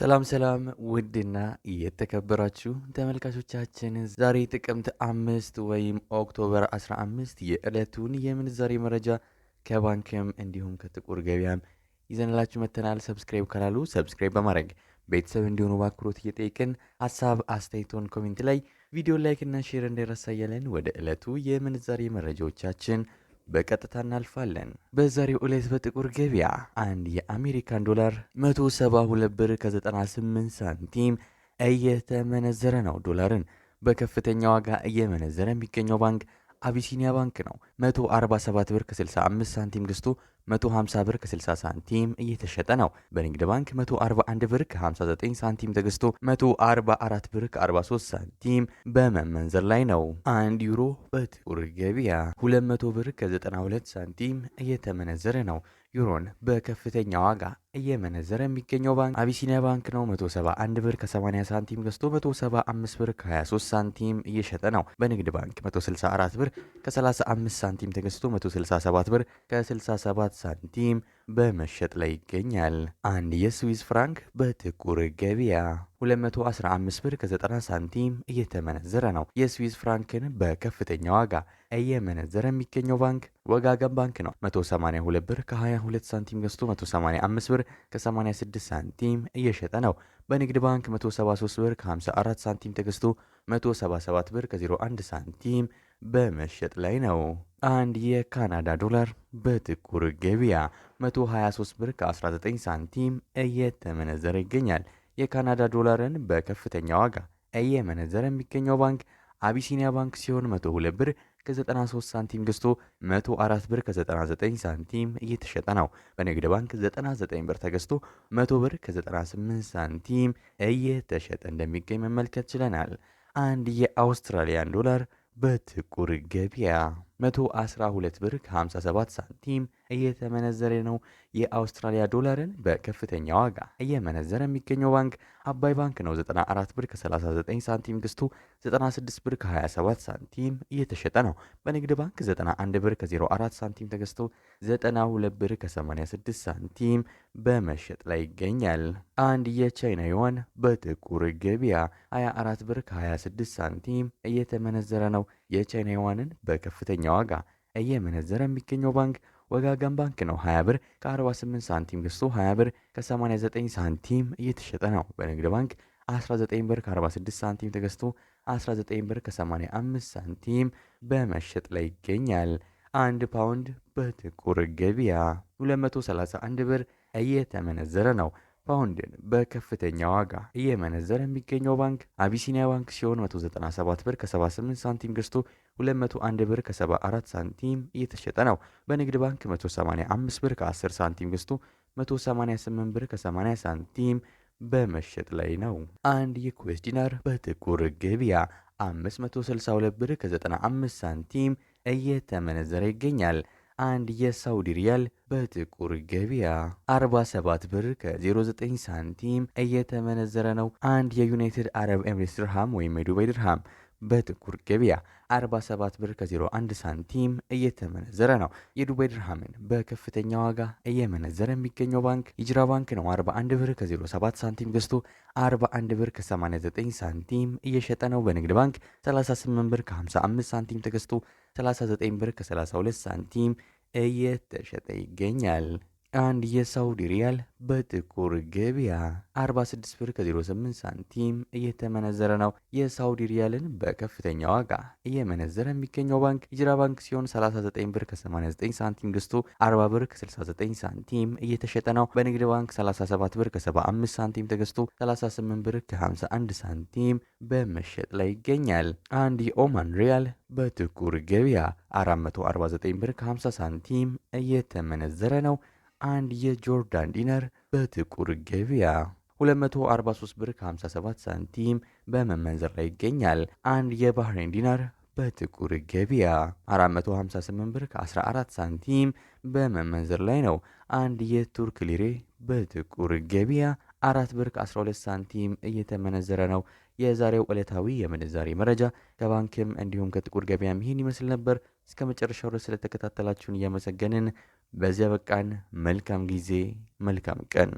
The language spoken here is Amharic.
ሰላም ሰላም ውድና የተከበራችሁ ተመልካቾቻችን ዛሬ ጥቅምት አምስት ወይም ኦክቶበር 15 የዕለቱን የምንዛሬ መረጃ ከባንክም እንዲሁም ከጥቁር ገበያም ይዘንላችሁ መተናል። ሰብስክራይብ ካላሉ ሰብስክራይብ በማድረግ ቤተሰብ እንዲሆኑ በአክብሮት እየጠየቅን ሀሳብ አስተያየቶን ኮሜንት ላይ ቪዲዮ ላይክና ሼር እንዳይረሳ እያለን ወደ ዕለቱ የምንዛሬ መረጃዎቻችን በቀጥታ እናልፋለን። በዛሬው ዕለት በጥቁር ገበያ አንድ የአሜሪካን ዶላር 172 ብር ከ98 ሳንቲም እየተመነዘረ ነው። ዶላርን በከፍተኛ ዋጋ እየመነዘረ የሚገኘው ባንክ አቢሲኒያ ባንክ ነው። 147 ብር ከ65 ሳንቲም ገዝቶ 150 ብር ከ60 ሳንቲም እየተሸጠ ነው። በንግድ ባንክ 141 ብር ከ59 ሳንቲም ተገዝቶ 144 ብር ከ43 ሳንቲም በመመንዘር ላይ ነው። አንድ ዩሮ በጥቁር ገበያ 200 ብር ከ92 ሳንቲም እየተመነዘረ ነው። ዩሮን በከፍተኛ ዋጋ እየመነዘረ የሚገኘው ባንክ አቢሲኒያ ባንክ ነው። 171 ብር ከ80 ሳንቲም ገዝቶ 175 ብር ከ23 ሳንቲም እየሸጠ ነው። በንግድ ባንክ 164 ብር ከ35 ሳንቲም ተገዝቶ 167 ብር ከ67 ሳንቲም በመሸጥ ላይ ይገኛል። አንድ የስዊስ ፍራንክ በጥቁር ገበያ 215 ብር ከ90 ሳንቲም እየተመነዘረ ነው። የስዊስ ፍራንክን በከፍተኛ ዋጋ እየመነዘረ የሚገኘው ባንክ ወጋገን ባንክ ነው። 182 ብር ከ22 ሳንቲም ገዝቶ 185 ብር ከ86 ሳንቲም እየሸጠ ነው። በንግድ ባንክ 173 ብር ከ54 ሳንቲም ተገዝቶ 177 ብር ከ01 ሳንቲም በመሸጥ ላይ ነው። አንድ የካናዳ ዶላር በጥቁር ገበያ 123 ብር ከ19 ሳንቲም እየተመነዘረ ይገኛል። የካናዳ ዶላርን በከፍተኛ ዋጋ እየመነዘረ የሚገኘው ባንክ አቢሲኒያ ባንክ ሲሆን 102 ብር ከ93 ሳንቲም ገዝቶ 104 ብር ከ99 ሳንቲም እየተሸጠ ነው። በንግድ ባንክ 99 ብር ተገዝቶ 100 ብር ከ98 ሳንቲም እየተሸጠ እንደሚገኝ መመልከት ችለናል። አንድ የአውስትራሊያን ዶላር በጥቁር ገበያ 112 ብር ከ57 ሳንቲም እየተመነዘረ ነው። የአውስትራሊያ ዶላርን በከፍተኛ ዋጋ እየመነዘረ የሚገኘው ባንክ አባይ ባንክ ነው። 94 ብር ከ39 ሳንቲም ገዝቶ 96 ብር ከ27 ሳንቲም እየተሸጠ ነው። በንግድ ባንክ 91 ብር ከ04 ሳንቲም ተገዝቶ 92 ብር ከ86 ሳንቲም በመሸጥ ላይ ይገኛል። አንድ የቻይና ዩዋን በጥቁር ገበያ 24 ብር ከ26 ሳንቲም እየተመነዘረ ነው። የቻይና ዩዋንን በከፍተኛ ዋጋ እየመነዘረ የሚገኘው ባንክ ወጋገን ባንክ ነው። 20 ብር ከ48 ሳንቲም ገዝቶ 20 ብር ከ89 ሳንቲም እየተሸጠ ነው። በንግድ ባንክ 19 ብር ከ46 ሳንቲም ተገዝቶ 19 ብር ከ85 ሳንቲም በመሸጥ ላይ ይገኛል። አንድ ፓውንድ በጥቁር ገበያ 231 ብር እየተመነዘረ ነው። ፓውንድን በከፍተኛ ዋጋ እየመነዘረ የሚገኘው ባንክ አቢሲኒያ ባንክ ሲሆን 197 ብር ከ78 ሳንቲም ገዝቶ 201 ብር ከ74 ሳንቲም እየተሸጠ ነው። በንግድ ባንክ 185 ብር ከ10 ሳንቲም ገዝቶ 188 ብር ከ80 ሳንቲም በመሸጥ ላይ ነው። አንድ የኩዌስ ዲናር በጥቁር ገበያ 562 ብር ከ95 ሳንቲም እየተመነዘረ ይገኛል። አንድ የሳውዲ ሪያል በጥቁር ገበያ 47 ብር ከ09 ሳንቲም እየተመነዘረ ነው። አንድ የዩናይትድ አረብ ኤምሬትስ ድርሃም ወይም የዱባይ ድርሃም በጥቁር ገበያ 47 ብር ከ01 ሳንቲም እየተመነዘረ ነው። የዱባይ ድርሃምን በከፍተኛ ዋጋ እየመነዘረ የሚገኘው ባንክ ሂጅራ ባንክ ነው። 41 ብር ከ07 ሳንቲም ገዝቶ 41 ብር ከ89 ሳንቲም እየሸጠ ነው። በንግድ ባንክ 38 ብር ከ55 ሳንቲም ተገዝቶ 39 ብር ከ32 ሳንቲም እየተሸጠ ይገኛል። አንድ የሳውዲ ሪያል በጥቁር ገበያ 46 ብር ከ08 ሳንቲም እየተመነዘረ ነው። የሳውዲ ሪያልን በከፍተኛ ዋጋ እየመነዘረ የሚገኘው ባንክ ሂጅራ ባንክ ሲሆን 39 ብር ከ89 ሳንቲም ገዝቶ 40 ብር ከ69 ሳንቲም እየተሸጠ ነው። በንግድ ባንክ 37 ብር ከ75 ሳንቲም ተገዝቶ 38 ብር ከ51 ሳንቲም በመሸጥ ላይ ይገኛል። አንድ የኦማን ሪያል በጥቁር ገበያ 449 ብር ከ50 ሳንቲም እየተመነዘረ ነው። አንድ የጆርዳን ዲነር በጥቁር ገበያ 243 ብር 57 ሳንቲም በመመንዘር ላይ ይገኛል። አንድ የባህሬን ዲነር በጥቁር ገበያ 458 ብር 14 ሳንቲም በመመንዘር ላይ ነው። አንድ የቱርክ ሊሬ በጥቁር ገበያ 4 ብር 12 ሳንቲም እየተመነዘረ ነው። የዛሬው ዕለታዊ የምንዛሬ መረጃ ከባንክም እንዲሁም ከጥቁር ገበያም ይህን ይመስል ነበር። እስከ መጨረሻው ድረስ ስለተከታተላችሁን እያመሰገንን በዚያ በቃን። መልካም ጊዜ፣ መልካም ቀን